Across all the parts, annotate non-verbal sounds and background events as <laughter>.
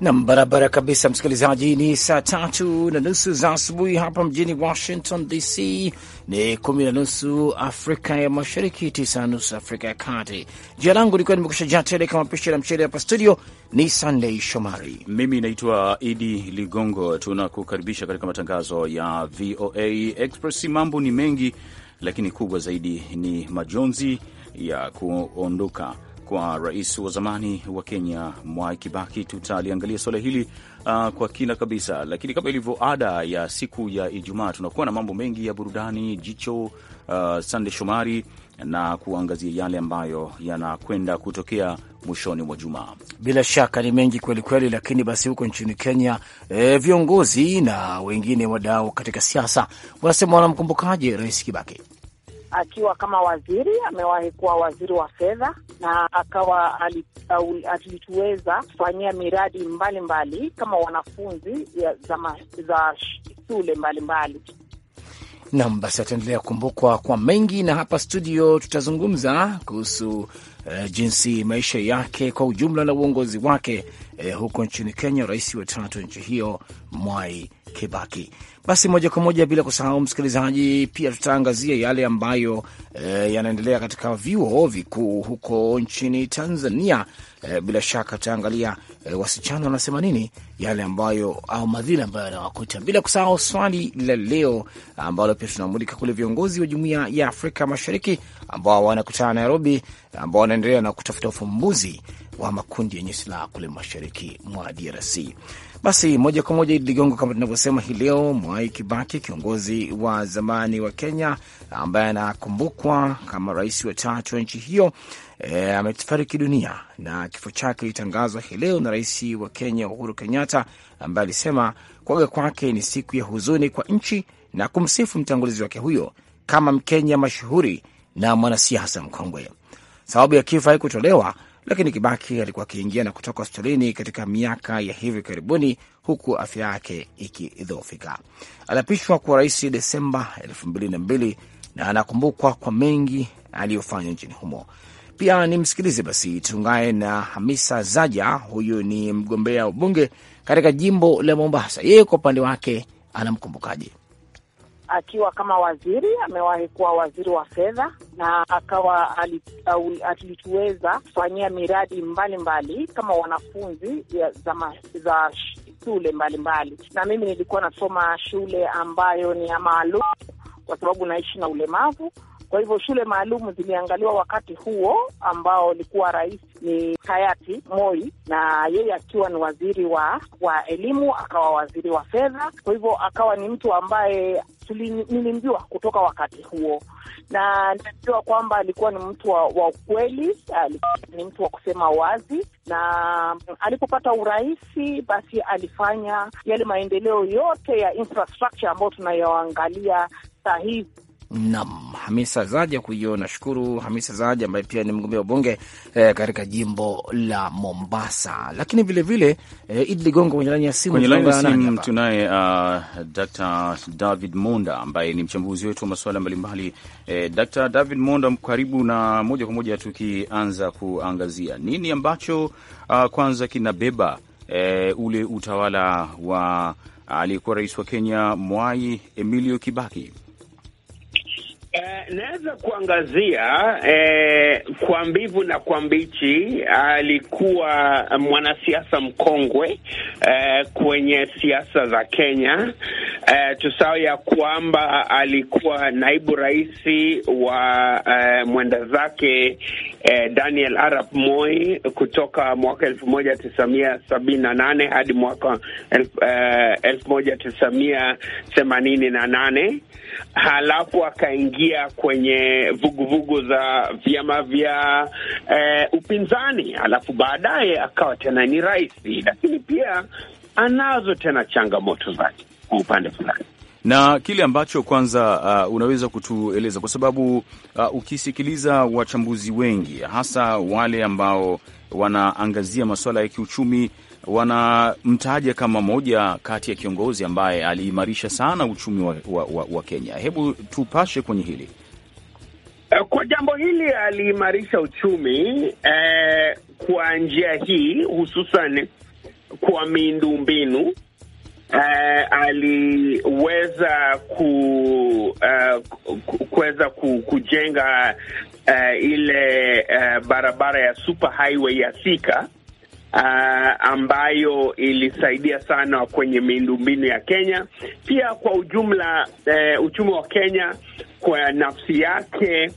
Nam, barabara kabisa, msikilizaji. Ni saa tatu na nusu za asubuhi hapa mjini Washington DC, ni kumi na nusu Afrika ya Mashariki, tisa na nusu Afrika ya Kati. Jina langu likiwa nimekusha jaa tele kama pishi la mchele hapa studio ni sandey Shomari, mimi naitwa Idi Ligongo. Tunakukaribisha katika matangazo ya VOA Express. Mambo ni mengi, lakini kubwa zaidi ni majonzi ya kuondoka kwa rais wa zamani wa Kenya Mwai Kibaki. Tutaliangalia suala hili uh, kwa kina kabisa, lakini kama ilivyo ada ya siku ya Ijumaa tunakuwa na mambo mengi ya burudani, jicho uh, Sande Shomari na kuangazia yale ambayo yanakwenda kutokea mwishoni mwa jumaa. Bila shaka ni mengi kwelikweli, lakini basi huko nchini Kenya e, viongozi na wengine wadau katika siasa wanasema wanamkumbukaje Rais Kibaki akiwa kama waziri, amewahi kuwa waziri wa fedha na akawa alituweza kufanyia miradi mbalimbali mbali, kama wanafunzi za, za shule mbalimbali. Nam, basi ataendelea kukumbukwa kwa mengi, na hapa studio tutazungumza kuhusu uh, jinsi maisha yake kwa ujumla na uongozi wake eh, huko nchini Kenya, rais wa tatu nchi hiyo Mwai Kibaki. Basi moja kwa moja, bila kusahau msikilizaji, pia tutaangazia yale ambayo eh, yanaendelea katika vyuo vikuu huko nchini Tanzania. Eh, bila shaka tutaangalia eh, wasichana wanasema nini, yale ambayo au madhila ambayo yanawakuta, bila kusahau swali la leo ambalo pia tunamulika kule viongozi wa jumuiya ya Afrika Mashariki ambao wanakutana Nairobi, ambao wanaendelea na kutafuta ufumbuzi wa makundi yenye silaha kule mashariki mashariki mwa DRC. Basi moja kwa moja Idi Ligongo, kama tunavyosema hii leo, Mwai Kibaki, kiongozi wa zamani wa Kenya ambaye anakumbukwa kama rais wa tatu wa nchi hiyo e, amefariki dunia na kifo chake ilitangazwa hii leo na rais wa Kenya Uhuru Kenyatta, ambaye alisema kuaga kwake ni siku ya huzuni kwa nchi na kumsifu mtangulizi wake huyo kama Mkenya mashuhuri na mwanasiasa mkongwe. Sababu ya kifo haikutolewa, lakini Kibaki alikuwa akiingia na kutoka hospitalini katika miaka ya hivi karibuni, huku afya yake ikidhoofika. Aliapishwa kuwa rais Desemba 2002 na anakumbukwa kwa mengi aliyofanya nchini humo. Pia ni msikilize basi, tuungane na Hamisa Zaja. Huyu ni mgombea ubunge katika jimbo la Mombasa. Yeye kwa upande wake anamkumbukaje? Akiwa kama waziri, amewahi kuwa waziri wa fedha na akawa alituweza kufanyia miradi mbalimbali mbali, kama wanafunzi za, ma, za shule mbalimbali mbali. Na mimi nilikuwa nasoma shule ambayo ni ya maalum kwa sababu naishi na ulemavu kwa hivyo shule maalum ziliangaliwa wakati huo ambao alikuwa rais ni hayati Moi, na yeye akiwa ni waziri wa, wa elimu akawa waziri wa fedha. Kwa hivyo akawa ni mtu ambaye nilimjua kutoka wakati huo, na najua kwamba alikuwa ni mtu wa, wa ukweli, alikuwa ni mtu wa kusema wazi, na alipopata urahisi basi alifanya yale maendeleo yote ya infrastructure ambayo tunayoangalia saa Nam Hamisa Zaja kuiyo, nashukuru Hamisa Zaja ambaye pia ni mgombea wa bunge e, eh, katika jimbo la Mombasa. Lakini vilevile e, eh, Idi Ligongo kwenye laini ya simu, kwenye laini ya simu tunaye uh, Dr David Monda ambaye ni mchambuzi wetu wa masuala mbalimbali. E, Dr David Monda, karibu na moja kwa moja, tukianza kuangazia nini ambacho uh, kwanza kinabeba e, ule utawala wa ah, aliyekuwa rais wa Kenya Mwai Emilio Kibaki Eh, naweza kuangazia eh, kwa mbivu na kwa mbichi. Alikuwa mwanasiasa mkongwe eh, kwenye siasa za Kenya eh, tusao ya kwamba alikuwa naibu rais wa eh, mwenda zake eh, Daniel Arap Moi kutoka mwaka elfu moja tisa mia sabini na nane hadi mwaka elfu, eh, elfu moja tisa mia themanini na nane halafu akaingia kwenye vuguvugu vugu za vyama vya eh, upinzani, halafu baadaye akawa tena ni rais, lakini pia anazo tena changamoto zake kwa upande fulani na kile ambacho kwanza uh, unaweza kutueleza kwa sababu uh, ukisikiliza wachambuzi wengi hasa wale ambao wanaangazia masuala ya kiuchumi wanamtaja kama moja kati ya kiongozi ambaye aliimarisha sana uchumi wa, wa, wa, wa Kenya. Hebu tupashe kwenye hili. Eh, kwa jambo hili aliimarisha uchumi eh, kwa njia hii hususan kwa mbinu eh, aliweza ku, eh, kuweza ku, kujenga eh, ile eh, barabara ya super highway ya Thika uh, ambayo ilisaidia sana kwenye miundombinu ya Kenya. Pia kwa ujumla, uh, uchumi wa Kenya kwa nafsi yake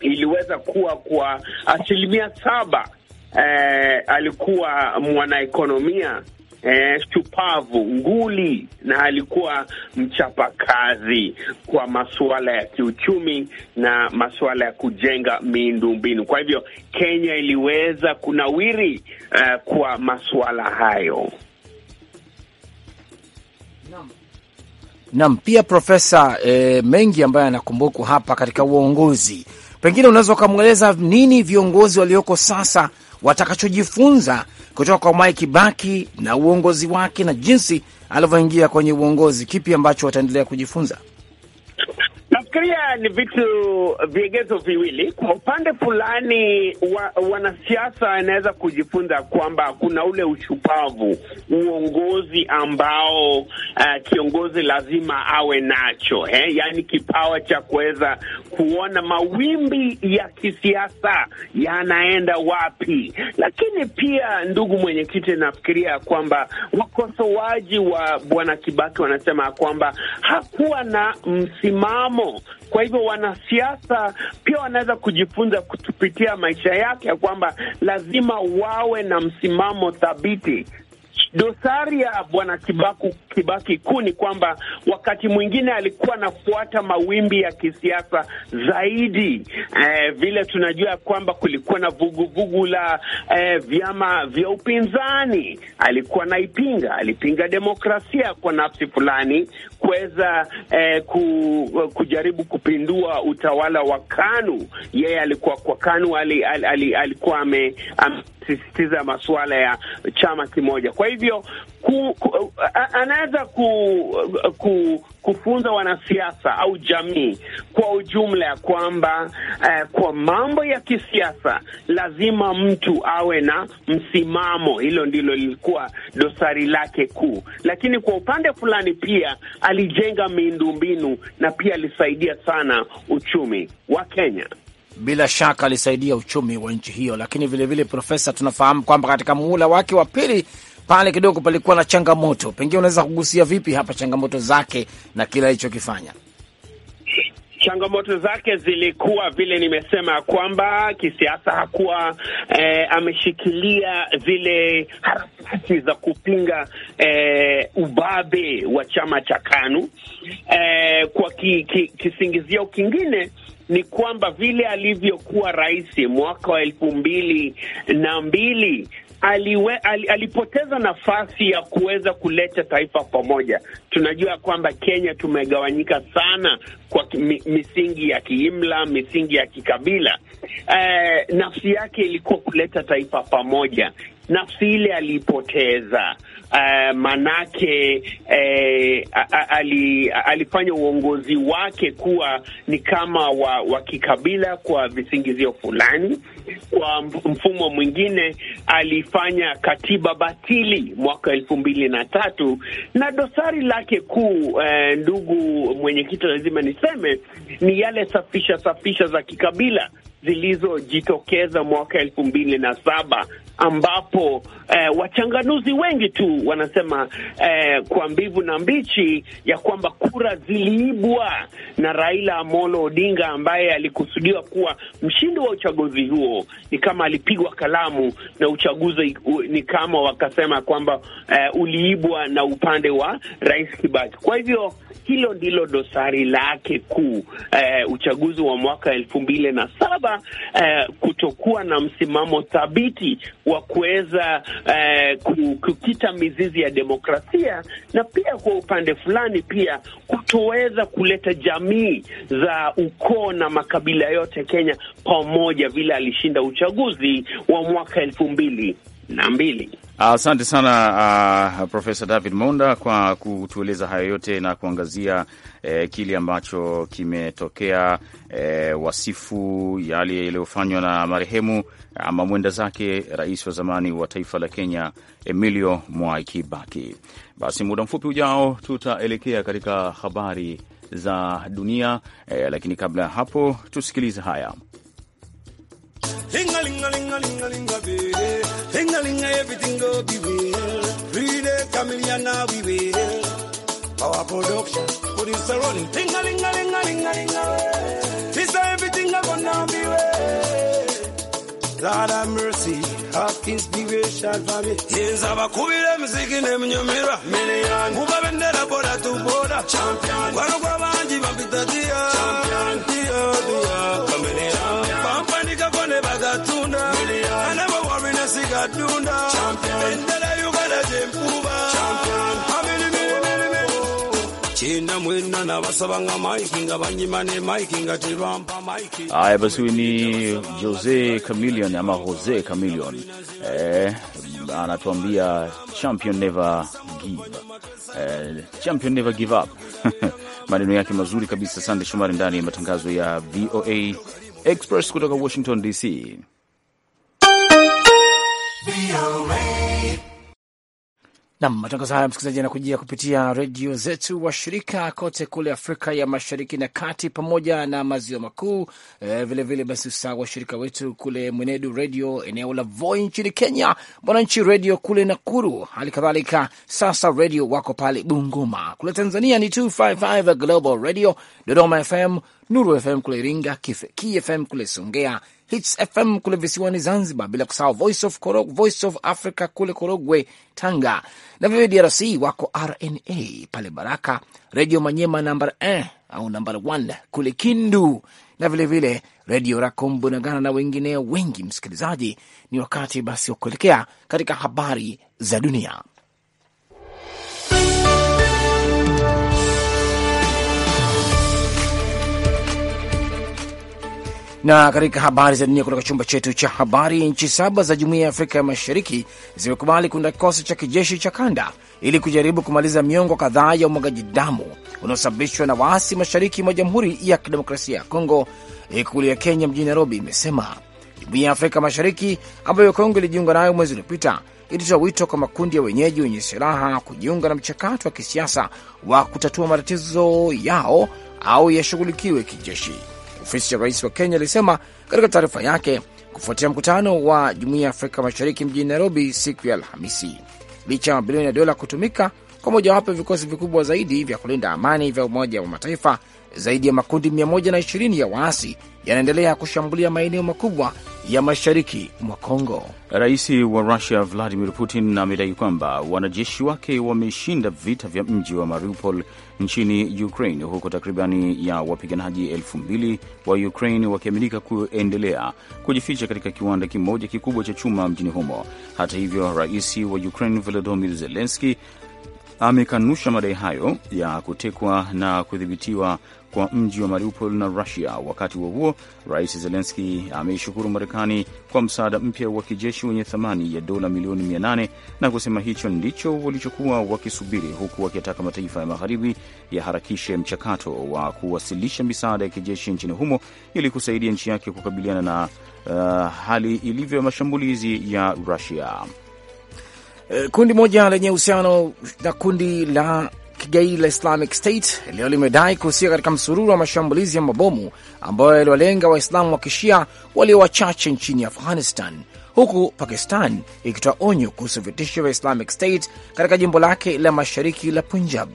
iliweza kuwa kwa asilimia saba. Uh, alikuwa mwanaekonomia eh, shupavu, nguli na alikuwa mchapakazi kwa masuala ya kiuchumi na masuala ya kujenga miundombinu. Kwa hivyo Kenya iliweza kunawiri eh, kwa masuala hayo. Naam, pia profesa, eh, mengi ambayo anakumbukwa hapa katika uongozi, pengine unaweza ukamweleza nini viongozi walioko sasa watakachojifunza kutoka kwa Mwai Kibaki na uongozi wake na jinsi alivyoingia kwenye uongozi, kipi ambacho wataendelea kujifunza? Nafikiria ni vitu vigezo viwili. Kwa upande fulani, wa, wanasiasa anaweza kujifunza kwamba kuna ule ushupavu uongozi ambao uh, kiongozi lazima awe nacho eh? Yaani kipawa cha kuweza kuona mawimbi ya kisiasa yanaenda wapi. Lakini pia, ndugu mwenyekiti, nafikiria kwamba wakosoaji wa bwana Kibaki wanasema kwamba hakuwa na msimamo kwa hivyo wanasiasa pia wanaweza kujifunza kutupitia maisha yake ya kwamba lazima wawe na msimamo thabiti Dosari ya bwana Kibaku, Kibaki kuu ni kwamba wakati mwingine alikuwa anafuata mawimbi ya kisiasa zaidi. Eh, vile tunajua kwamba kulikuwa na vuguvugu la eh, vyama vya upinzani, alikuwa naipinga, alipinga demokrasia kwa nafsi fulani kuweza eh, ku, kujaribu kupindua utawala wa KANU. Yeye alikuwa kwa KANU, alikuwa amesisitiza masuala ya chama kimoja, kwa hivyo hivyo ku, ku, anaweza ku, ku, kufunza wanasiasa au jamii kwa ujumla ya kwamba eh, kwa mambo ya kisiasa lazima mtu awe na msimamo. Hilo ndilo lilikuwa dosari lake kuu, lakini kwa upande fulani pia alijenga miundombinu na pia alisaidia sana uchumi wa Kenya. Bila shaka alisaidia uchumi wa nchi hiyo, lakini vilevile, Profesa, tunafahamu kwamba katika muhula wake wa pili pale kidogo palikuwa na changamoto, pengine unaweza kugusia vipi hapa changamoto zake na kile alichokifanya? Changamoto zake zilikuwa vile nimesema kwamba kisiasa hakuwa eh, ameshikilia zile harakati za kupinga eh, ubabe wa chama cha KANU eh, kwa ki, ki, kisingizio kingine ni kwamba vile alivyokuwa rais mwaka wa elfu mbili na mbili aliwe, al, alipoteza nafasi ya kuweza kuleta taifa pamoja. Tunajua kwamba Kenya tumegawanyika sana kwa mi, misingi ya kiimla, misingi ya kikabila. Eh, nafsi yake ilikuwa kuleta taifa pamoja, nafsi ile aliipoteza. Uh, eh, manake eh, ali, alifanya uongozi wake kuwa ni kama wa, wa kikabila kwa visingizio fulani. Kwa mfumo mwingine alifanya katiba batili mwaka elfu mbili na tatu na dosari lake kuu eh, ndugu mwenyekiti, lazima niseme ni yale safisha safisha za kikabila zilizojitokeza mwaka elfu mbili na saba ambapo eh, wachanganuzi wengi tu wanasema eh, kwa mbivu na mbichi ya kwamba kura ziliibwa na Raila Amolo Odinga ambaye alikusudiwa kuwa mshindi wa uchaguzi huo, ni kama alipigwa kalamu na uchaguzi u, ni kama wakasema kwamba eh, uliibwa na upande wa Rais Kibaki. Kwa hivyo hilo ndilo dosari lake kuu, eh, uchaguzi wa mwaka elfu mbili na saba eh, kutokuwa na msimamo thabiti wa kuweza eh, kukita mizizi ya demokrasia na pia kwa upande fulani pia kutoweza kuleta jamii za ukoo na makabila yote Kenya pamoja vile alishinda uchaguzi wa mwaka elfu mbili na mbili. Asante uh, sana uh, ah, Profesa David Monda kwa kutueleza hayo yote na kuangazia eh, kile ambacho kimetokea, eh, wasifu yale yaliyofanywa na marehemu ama mwenda zake rais wa zamani wa taifa la Kenya Emilio Mwai Kibaki. Basi muda mfupi ujao tutaelekea katika habari za dunia eh, lakini kabla ya hapo tusikilize haya Lord have mercy, have inspiration for me. Yinza bakubire muziki ne mnyumira million. Kuba bendera boda tu boda champion. Kwano kwa banji bampita dia. Champion. Dia dia. Kambenera. Pampa nikakone bagatunda. Million. I never worry na sigatunda. Champion. Bendera Haya basi, huyu ni Jose Chameleon ama Jose Chameleon eh, anatuambia champion never give, eh, champion never give up <laughs> maneno yake mazuri kabisa. Sande Shomari ndani ya matangazo ya VOA Express kutoka Washington DC. Nam, matangazo haya msikilizaji yanakujia kupitia redio zetu washirika kote kule Afrika ya Mashariki na Kati pamoja na Maziwa Makuu. E, vilevile basi usaa washirika wetu kule Mwenedu Redio eneo la Voi nchini Kenya, Mwananchi Redio kule Nakuru, hali kadhalika Sasa Redio wako pale Bungoma. Kule Tanzania ni 255 Global Radio, Dodoma FM, Nuru FM kule Iringa, Kifekii FM kule Songea, Hits FM kule visiwani Zanzibar, bila kusahau Voice of Korog, Voice of Africa kule Korogwe, Tanga, na vile DRC wako RNA pale Baraka, Redio Manyema namba 1 eh, au namba 1 kule Kindu, na vilevile Redio Rakombo na Gana na wengineo wengi. Msikilizaji, ni wakati basi wa kuelekea katika habari za dunia. Na katika habari za dunia kutoka chumba chetu cha habari, nchi saba za jumuiya ya Afrika ya Mashariki zimekubali kuunda kikosi cha kijeshi cha kanda ili kujaribu kumaliza miongo kadhaa ya umwagaji damu unaosababishwa na waasi mashariki mwa Jamhuri ya Kidemokrasia ya Kongo. Ikulu ya Kenya mjini Nairobi imesema jumuiya ya Afrika Mashariki ambayo Kongo ilijiunga nayo mwezi uliopita ilitoa wito kwa makundi ya wenyeji wenye silaha kujiunga na mchakato wa kisiasa wa kutatua matatizo yao au yashughulikiwe kijeshi. Ofisi ya rais wa Kenya ilisema katika taarifa yake kufuatia mkutano wa jumuiya ya Afrika Mashariki mjini Nairobi siku ya Alhamisi. Licha ya mabilioni ya dola kutumika kwa mojawapo ya vikosi vikubwa zaidi vya kulinda amani vya Umoja wa Mataifa, zaidi ya makundi 120 ya waasi yanaendelea kushambulia maeneo makubwa ya mashariki mwa Kongo. Rais wa Rusia Vladimir Putin amedai kwamba wanajeshi wake wameshinda vita vya mji wa Mariupol nchini Ukraine, huku takribani ya wapiganaji elfu mbili wa Ukraine wakiaminika kuendelea kujificha katika kiwanda kimoja kikubwa cha chuma mjini humo. Hata hivyo, rais wa Ukraine Volodymyr Zelensky amekanusha madai hayo ya kutekwa na kudhibitiwa kwa mji wa Mariupol na Rusia. Wakati huo huo, Rais Zelenski ameishukuru Marekani kwa msaada mpya wa kijeshi wenye thamani ya dola milioni 800 na kusema hicho ndicho walichokuwa wakisubiri, huku wakitaka mataifa ya magharibi yaharakishe mchakato wa kuwasilisha misaada ya kijeshi nchini humo ili kusaidia nchi yake kukabiliana na uh, hali ilivyo mashambulizi ya Rusia. Eh, kundi moja lenye uhusiano na kundi la kigaidi la Islamic State leo limedai kuhusika katika msururu wa mashambulizi ya mabomu ambayo yaliwalenga Waislamu wa kishia walio wachache nchini Afghanistan, huku Pakistan ikitoa onyo kuhusu vitisho vya Islamic State katika jimbo lake la mashariki la Punjab.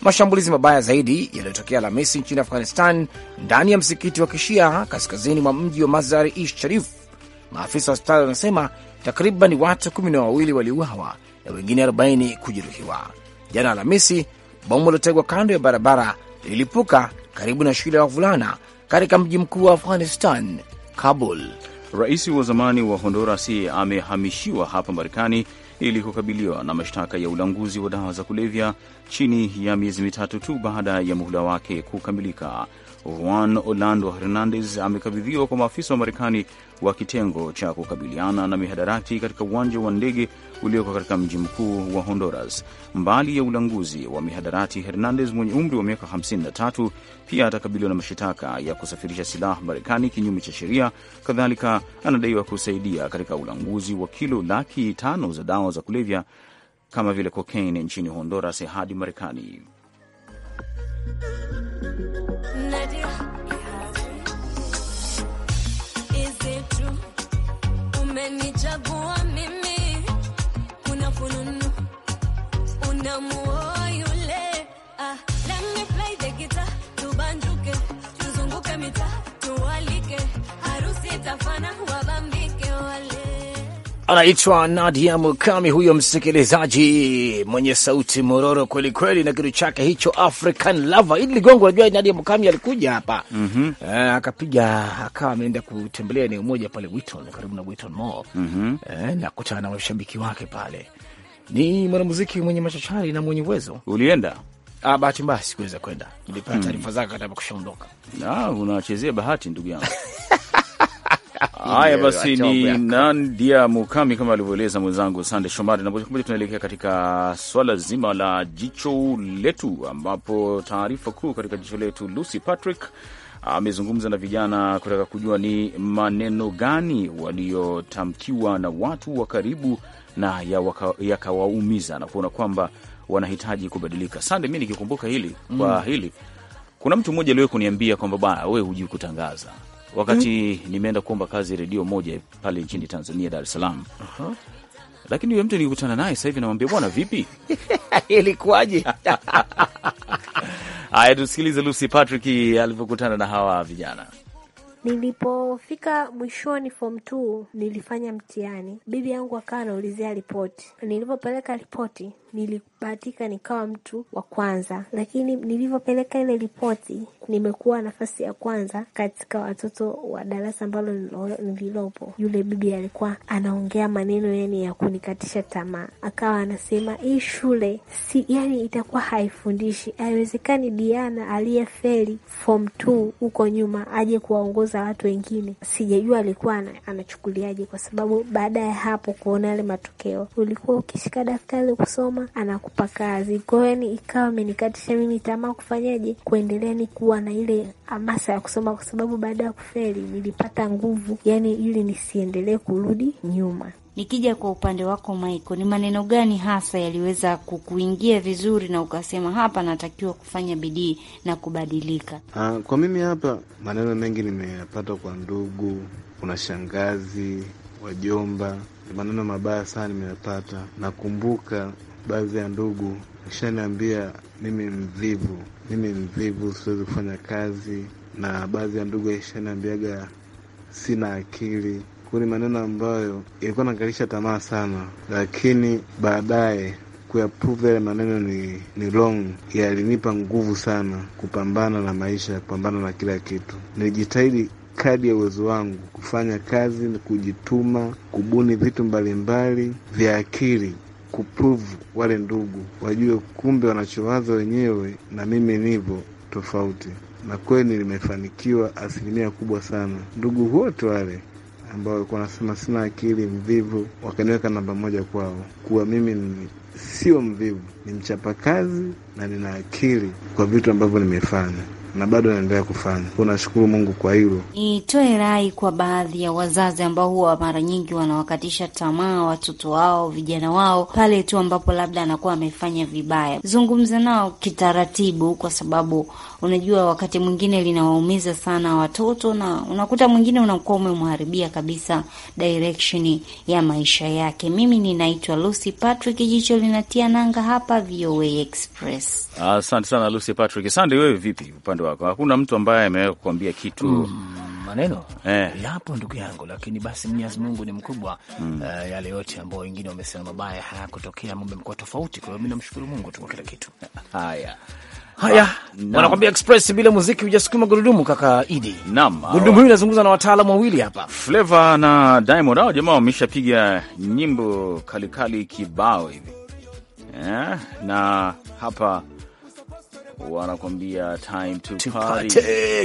Mashambulizi mabaya zaidi yaliyotokea Alhamisi nchini Afghanistan ndani ya msikiti wa kishia kaskazini mwa mji wa Mazar-e Sharif. Maafisa wa hospitali wanasema takriban watu kumi na wawili waliuawa na wengine 40 kujeruhiwa jana Alhamisi bomu lilotegwa kando ya barabara lilipuka karibu na shule ya wavulana katika mji mkuu wa Afghanistan, Kabul. Rais wa zamani wa Honduras amehamishiwa hapa Marekani ili kukabiliwa na mashtaka ya ulanguzi wa dawa za kulevya chini ya miezi mitatu tu baada ya muhula wake kukamilika. Juan Orlando Hernandez amekabidhiwa kwa maafisa wa Marekani wa kitengo cha kukabiliana na mihadarati katika uwanja wa ndege ulioko katika mji mkuu wa Honduras. Mbali ya ulanguzi wa mihadarati, Hernandez mwenye umri wa miaka 53 pia atakabiliwa na mashitaka ya kusafirisha silaha Marekani kinyume cha sheria. Kadhalika anadaiwa kusaidia katika ulanguzi wa kilo laki tano za dawa za kulevya kama vile kokaini nchini Honduras hadi Marekani. Ah, Anaitwa Nadia Mukami, huyo msikilizaji mwenye sauti mororo kweli kweli, na kitu chake hicho African Lava. Ili Ligongo, unajua Nadia Mukami alikuja hapa mm -hmm. Eh, akapiga akawa ameenda kutembelea eneo moja pale Witon, karibu na Witon Mall mm -hmm. Eh, na kutana na washabiki wake pale ni mwanamuziki mwenye machachari na mwenye uwezo. Ulienda? Ah, bahati mbaya sikuweza kwenda, nilipata hmm, taarifa zake kata kushaondoka. Ah, unachezea bahati ndugu yangu. <laughs> Haya basi, ni nandia Mukami kama alivyoeleza mwenzangu Sande Shomari, na moja kwa moja tunaelekea katika swala zima la jicho letu, ambapo taarifa kuu katika jicho letu, Lucy Patrick amezungumza na vijana kutaka kujua ni maneno gani waliotamkiwa na watu wa karibu na yakawaumiza ya na kuona kwamba wanahitaji kubadilika. Sande, mi nikikumbuka hili kwa mm. hili kuna mtu mmoja aliwahi kuniambia kwamba bana, wewe hujui kutangaza wakati mm. nimeenda kuomba kazi redio moja pale nchini Tanzania, Dar es Salaam uh -huh. Lakini huyo mtu nikikutana naye sasa hivi namwambia, bwana vipi, <laughs> ilikuwaje? <laughs> Haya, tusikilize Lucy Patrick alivyokutana na hawa vijana. Nilipofika mwishoni form 2 nilifanya mtihani, bibi yangu akawa anaulizia ripoti. Nilipopeleka ripoti nilibahatika nikawa mtu wa kwanza, lakini nilivyopeleka ile ripoti nimekuwa nafasi ya kwanza katika watoto wa darasa ambalo nililopo. Yule bibi alikuwa anaongea maneno yani ya kunikatisha tamaa, akawa anasema hii shule si yani itakuwa haifundishi, haiwezekani Diana feli form 2 huko nyuma aje kuwaongoza watu wengine. Sijajua alikuwa anachukuliaje, kwa sababu baada ya hapo kuona yale matokeo, ulikuwa ukishika daftari kusoma mama anakupa kazi. Kwa hiyo ni ikawa amenikatisha mimi tamaa kufanyaje kuendelea ni kuwa na ile hamasa ya kusoma, kwa sababu baada ya kufeli nilipata nguvu, yani ili nisiendelee kurudi nyuma. Nikija kwa upande wako Maiko, ni maneno gani hasa yaliweza kukuingia vizuri na ukasema hapa natakiwa kufanya bidii na kubadilika? Aa, ah, kwa mimi hapa maneno mengi nimeyapata kwa ndugu, kuna shangazi, wajomba, maneno mabaya sana nimeyapata. Nakumbuka baadhi ya ndugu ishaniambia mimi mvivu, mimi mvivu, siwezi kufanya kazi, na baadhi ya ndugu ishaniambiaga sina akili. Kuni ni maneno ambayo ilikuwa nakalisha tamaa sana, lakini baadaye kuyaprove yale maneno ni, ni wrong yalinipa nguvu sana kupambana na maisha, kupambana na kila kitu. Nilijitahidi kadi ya uwezo wangu kufanya kazi, kujituma, kubuni vitu mbalimbali vya akili kuprove wale ndugu wajue, kumbe wanachowaza wenyewe na mimi nivo tofauti, na kweli nimefanikiwa asilimia kubwa sana. Ndugu wote wale ambao walikuwa wanasema sina akili, mvivu, wakaniweka namba moja kwao, kuwa mimi ni sio mvivu, ni mchapakazi na nina akili kwa vitu ambavyo nimefanya na bado anaendelea kufanya. Nashukuru Mungu kwa hilo. Nitoe rai kwa baadhi ya wazazi ambao huwa mara nyingi wanawakatisha tamaa watoto wao, vijana wao, pale tu ambapo labda anakuwa amefanya vibaya. Zungumza nao kitaratibu, kwa sababu unajua wakati mwingine linawaumiza sana watoto, na unakuta mwingine unakuwa umemharibia kabisa direction ya maisha yake. Mimi ninaitwa Lucy Patrick, jicho linatia nanga hapa VOA Express. Asante ah, sana Lucy Patrick. Sande, wewe vipi upande wako? Hakuna mtu ambaye kuambia kitu mm maneno eh, yapo ndugu yangu, lakini basi Mwenyezi Mungu ni mkubwa mm. Uh, yale yote ambao wengine wamesema mabaya hayakutokea, mambo yamekuwa tofauti. Kwa hiyo mi namshukuru Mungu tu kwa kila kitu haya Haya, wanakwambia express bila muziki hujasukuma gurudumu, kaka Idi. Naam, gurudumu hili linazungumza na wataalamu wawili hapa, Flavor na Diamond. Hao jamaa wameshapiga nyimbo kali kali kibao hivi yeah, na hapa wanakwambia time to party.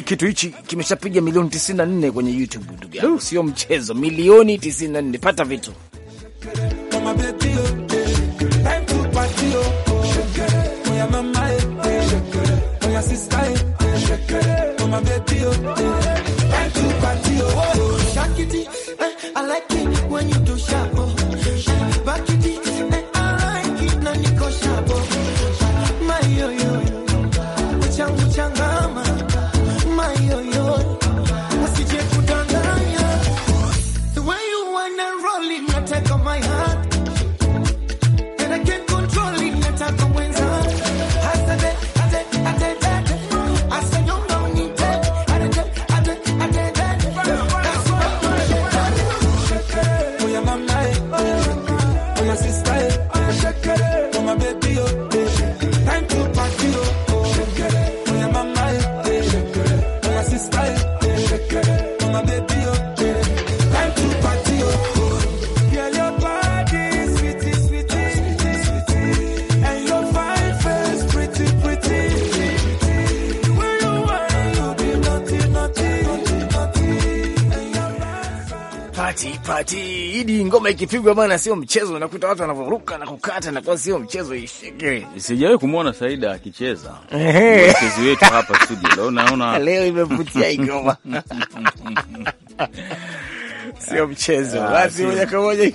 Kitu hichi kimeshapiga milioni 94 kwenye YouTube, ndugu yangu, sio mchezo, milioni 94. Pata vitu my oh. oh, oh, oh. Shakity, eh, I like it when you ngoma ikipigwa bana, sio mchezo. Nakuta watu wanavoruka na kukata na kwa sio mchezo. Ishike, sijawahi kumwona Saida akicheza mchezo wetu hapa studio leo. Naona <laughs> leo imevutia hii ngoma <laughs> sio mchezo. Ah, Basi moja kwa moja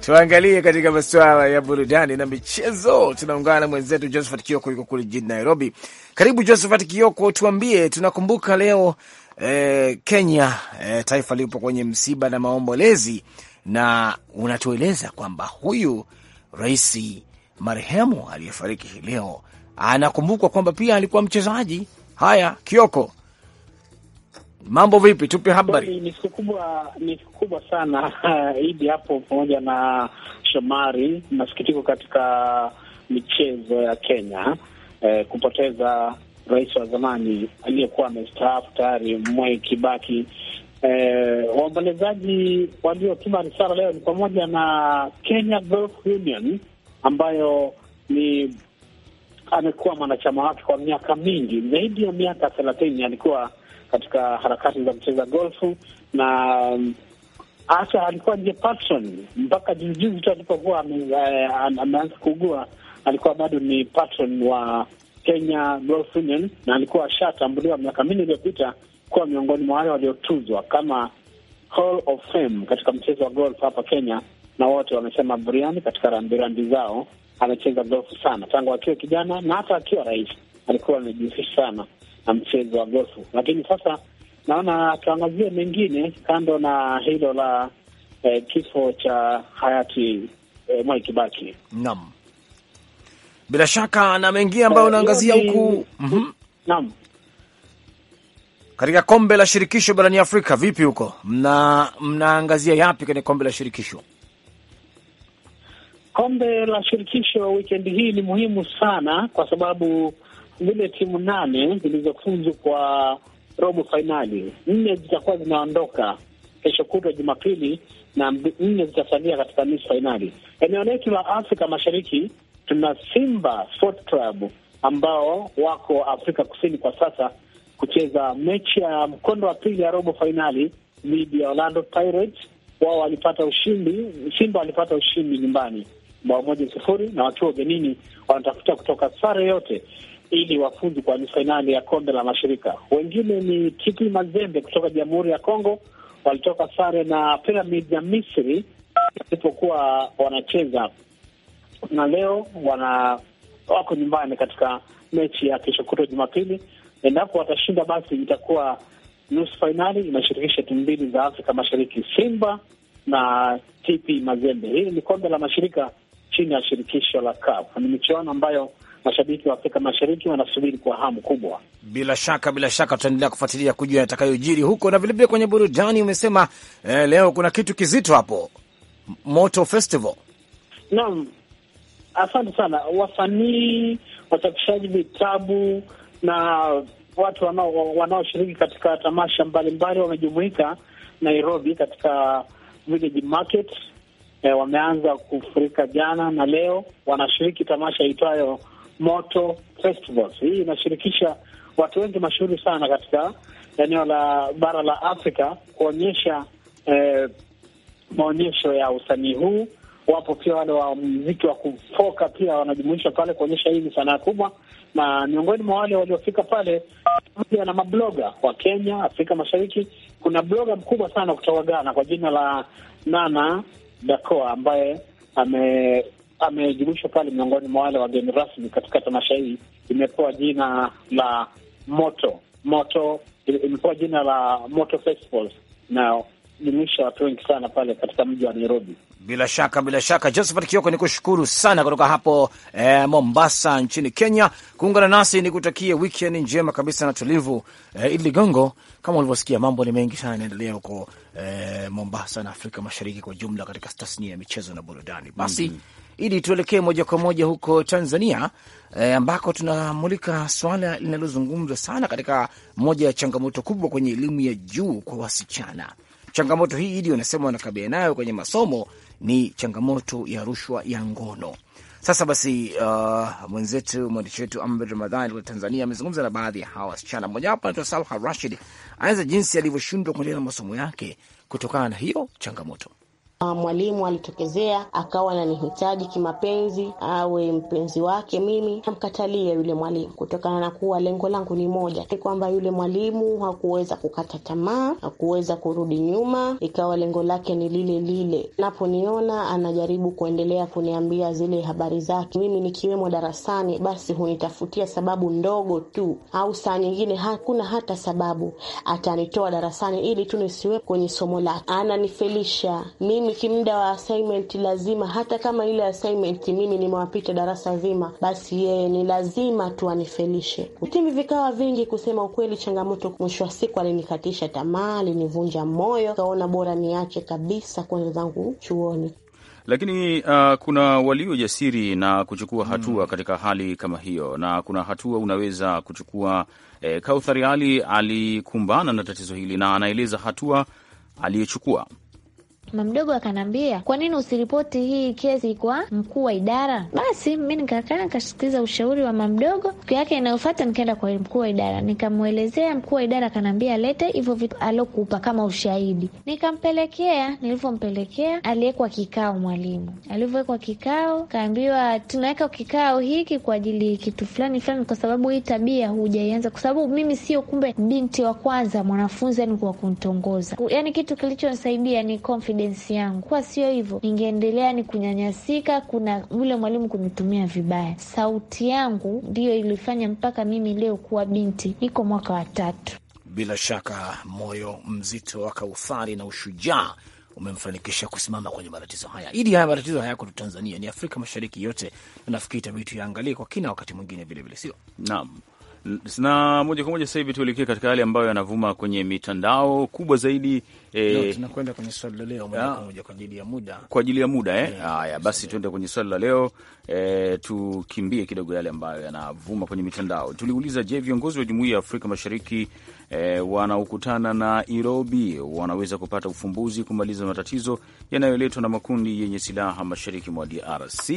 tuangalie katika masuala ya burudani na michezo. Tunaungana na mwenzetu Josephat Kioko, yuko kule jijini Nairobi. Karibu Josephat Kioko, tuambie, tunakumbuka leo eh, Kenya eh, taifa lipo kwenye msiba na maombolezi na unatueleza kwamba huyu rais marehemu aliyefariki hii leo anakumbukwa kwamba pia alikuwa mchezaji. Haya, Kioko, mambo vipi? Tupe habari. Ni siku kubwa, ni siku kubwa sana <laughs> idi hapo, pamoja na Shomari. Masikitiko katika michezo ya Kenya eh, kupoteza rais wa zamani aliyekuwa amestaafu tayari Mwai Kibaki Eh, waombolezaji waliotuma risala leo ni pamoja na Kenya Golf Union ambayo ni amekuwa mwanachama wake kwa miaka mingi, zaidi ya miaka thelathini alikuwa katika harakati za kucheza golfu na mm, hasa alikuwa ndiye patron mpaka juzijuzi tu alipokuwa eh, ameanza kuugua, alikuwa bado ni patron wa Kenya Golf Union na alikuwa ashatambuliwa miaka minne iliyopita kuwa miongoni mwa wale waliotuzwa kama Hall of Fame katika mchezo wa golf hapa Kenya, na wote wamesema Brian katika rambirambi zao amecheza golf sana tangu akiwa kijana, na hata akiwa rais alikuwa amejihusisha sana na mchezo wa golfu. Lakini sasa naona tuangazie mengine kando na hilo la eh, kifo cha hayati eh, Mwai Kibaki. Naam, bila shaka na mengine ambayo eh, unaangazia huku. Mhm. Naam, katika kombe la shirikisho barani Afrika, vipi huko mna, mnaangazia yapi kwenye kombe la shirikisho? Kombe la shirikisho wikendi hii ni muhimu sana, kwa sababu zile timu nane zilizofuzu kwa robo fainali nne zitakuwa zinaondoka kesho kutwa Jumapili na nne zitasalia katika nusu fainali. Eneo letu la Afrika Mashariki tuna Simba Sport Club ambao wako Afrika Kusini kwa sasa kucheza mechi ya mkondo wa pili ya robo fainali dhidi ya Orlando Pirates. Wao walipata ushindi, Simba walipata ushindi nyumbani bao moja sufuri na wakiwa ugenini wanatafuta kutoka sare yote ili wafuzu kwa fainali ya kombe la mashirika. Wengine ni TP Mazembe kutoka Jamhuri ya Kongo, walitoka sare na Pyramid ya Misri walipokuwa wanacheza, na leo wana wako nyumbani katika mechi ya kesho kutwa Jumapili Endapo watashinda, basi itakuwa nusu fainali inashirikisha timu mbili za Afrika Mashariki, Simba na TP Mazembe. Hili ni kombe la mashirika chini ya shirikisho la CAF. Ni michuano ambayo mashabiki wa Afrika Mashariki wanasubiri kwa hamu kubwa. Bila shaka, bila shaka tutaendelea kufuatilia kujua yatakayojiri huko, na vilevile kwenye burudani umesema eh, leo kuna kitu kizito hapo, Moto Festival. Naam, asante sana. Wasanii, wachapishaji vitabu na watu wanaoshiriki katika tamasha mbalimbali wamejumuika Nairobi katika Village Market. E, wameanza kufurika jana na leo wanashiriki tamasha itwayo Moto Festivals. Hii inashirikisha watu wengi mashuhuri sana katika eneo la bara la Afrika kuonyesha e, maonyesho ya usanii huu. Wapo pia wale wa mziki wa kufoka pia wanajumuishwa pale kuonyesha hii ni sanaa kubwa na miongoni mwa wale waliofika pale pamoja na mabloga wa Kenya, Afrika Mashariki, kuna bloga mkubwa sana kutoka Ghana kwa jina la Nana Dakoa ambaye ame pale miongoni mwa wale wageni rasmi katika tamasha hii. Imepewa jina la Moto Moto, imepewa jina la Moto Festivals na kuelimisha watu wengi sana pale katika mji wa Nairobi. Bila shaka, bila shaka. Josephat Kioko, ni kushukuru sana kutoka hapo eh, Mombasa nchini Kenya kuungana nasi, ni kutakie weekend njema kabisa na tulivu. Eh, Idi Ligongo, kama ulivyosikia mambo ni mengi sana yanaendelea huko eh, Mombasa na Afrika Mashariki kwa jumla katika tasnia ya michezo na burudani. Basi mm -hmm. Ili tuelekee moja kwa moja huko Tanzania e, ambako tunamulika swala linalozungumzwa sana katika moja ya changamoto kubwa kwenye elimu ya juu kwa wasichana Changamoto hii Idi wanasema wanakabia nayo kwenye masomo ni changamoto ya rushwa ya ngono. Sasa basi, uh, mwenzetu mwandishi wetu Amr Ramadhani wa Tanzania amezungumza na baadhi ya hawa wasichana. Mmojawapo anaitwa Salha Rashid, anaweza jinsi alivyoshindwa kuendelea na masomo yake kutokana na hiyo changamoto. Ah, mwalimu alitokezea akawa ananihitaji kimapenzi, awe mpenzi wake, mimi namkatalia yule mwalimu kutokana na kuwa lengo langu ni moja, ni kwamba yule mwalimu hakuweza kukata tamaa, hakuweza kurudi nyuma, ikawa lengo lake ni lile lile. Naponiona anajaribu kuendelea kuniambia zile habari zake, mimi nikiwemo darasani, basi hunitafutia sababu ndogo tu, au saa nyingine hakuna hata sababu, atanitoa darasani ili tu nisiwe kwenye somo lake, ananifelisha mimi muda wa assignment lazima, hata kama ile assignment mimi nimewapita darasa zima, basi yeye ni lazima tu anifelishe. Vitimbi vikawa vingi, kusema ukweli, changamoto. Mwisho wa siku alinikatisha tamaa, alinivunja moyo, kaona bora niache kabisa, kwenda zangu chuoni. Lakini uh, kuna walio jasiri na kuchukua hmm. hatua hmm, katika hali kama hiyo, na kuna hatua unaweza kuchukua. Eh, Kauthar Ali alikumbana na tatizo hili na anaeleza hatua aliyochukua mama mdogo akanambia, kwa nini usiripoti hii kesi kwa mkuu wa idara? Basi mi nikakaa nikasikiliza ushauri wa mama mdogo. Siku yake inayofata nikaenda kwa mkuu wa idara nikamwelezea. Mkuu wa idara akanambia lete hivyo vitu alokupa kama ushahidi. Nikampelekea, nilivyompelekea aliwekwa kikao mwalimu. Alivyowekwa kikao, kaambiwa tunaweka kikao hiki kwa ajili kitu fulani fulani, kwa sababu hii tabia hujaianza, kwa sababu mimi sio kumbe binti wa kwanza mwanafunzi, yani kwa kuntongoza, yani kitu kilichonisaidia ni confidence confidence yangu. Kwa sio hivyo, ningeendelea ni kunyanyasika, kuna yule mwalimu kunitumia vibaya. Sauti yangu ndiyo ilifanya mpaka mimi leo kuwa binti, niko mwaka wa tatu. Bila shaka moyo mzito wa Kauthari na ushujaa umemfanikisha kusimama kwenye matatizo haya. Idi, haya matatizo hayako tu Tanzania, ni Afrika Mashariki yote, na nafikiri itabidi tuyaangalie kwa kina wakati mwingine vilevile, sio? Naam na moja kwa moja sasa hivi tuelekee katika yale ambayo yanavuma kwenye mitandao kubwa zaidi. E, tunakwenda kwenye swali la leo moja kwa moja kwa ajili ya muda, kwa ajili ya muda eh? Yeah, basi tuende kwenye swali la leo e, tukimbie kidogo yale ambayo yanavuma kwenye mitandao. Tuliuliza, je, viongozi wa Jumuiya ya Afrika Mashariki e, wanaokutana na Nairobi wanaweza kupata ufumbuzi kumaliza matatizo yanayoletwa na makundi yenye silaha mashariki mwa DRC?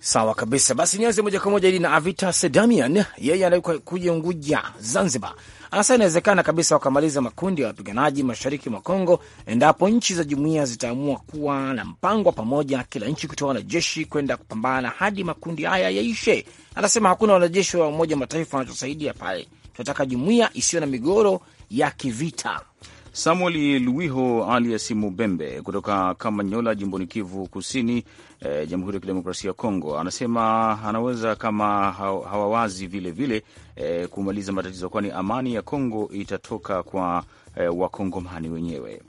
Sawa kabisa. Basi nianze moja kwa moja ili na Avita Sedamian, yeye anakuja Unguja, Zanzibar. anasaa inawezekana kabisa wakamaliza makundi ya wapiganaji mashariki mwa Kongo endapo nchi za jumuiya zitaamua kuwa na mpango wa pamoja, kila nchi kutoa wanajeshi kwenda kupambana hadi makundi haya yaishe. Anasema hakuna wanajeshi wa Umoja Mataifa wanachosaidia pale, tunataka jumuiya isiyo na migogoro ya kivita. Samuel Luiho alias Mubembe kutoka Kamanyola, jimboni Kivu Kusini, e, Jamhuri ya Kidemokrasia ya Kongo, anasema anaweza kama hawawazi vilevile e, eh, kumaliza matatizo, kwani amani ya Kongo itatoka kwa e, wakongomani wenyewe.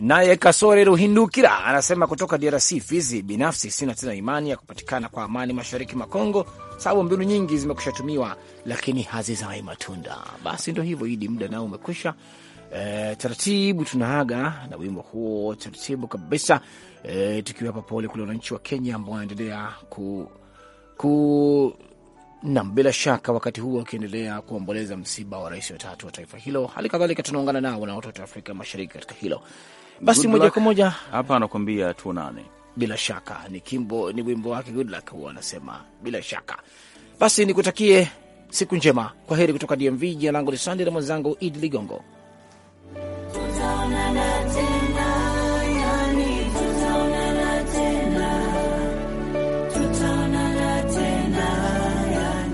Naye Kasore Ruhindukira anasema kutoka DRC Fizi, binafsi sina tena imani ya kupatikana kwa amani mashariki mwa Kongo sababu mbinu nyingi zimekusha tumiwa, lakini hazizai matunda. Basi ndo hivyo, Idi, muda nao umekwisha. E, taratibu tunaaga na wimbo huo taratibu kabisa e, tukiwapa pole kule wananchi wa Kenya ambao wanaendelea ku, ku nam bila shaka wakati huo wakiendelea kuomboleza msiba wa rais wa tatu wa taifa hilo. Hali kadhalika tunaungana nao na watoto wa Afrika Mashariki katika hilo. Basi moja kwa moja hapa anakuambia tuonane, bila shaka ni kimbo, ni wimbo wake good luck anasema bila shaka. Basi nikutakie siku njema, kwa heri kutoka DMV. Jina langu ni Sande na mwenzangu Idi Ligongo.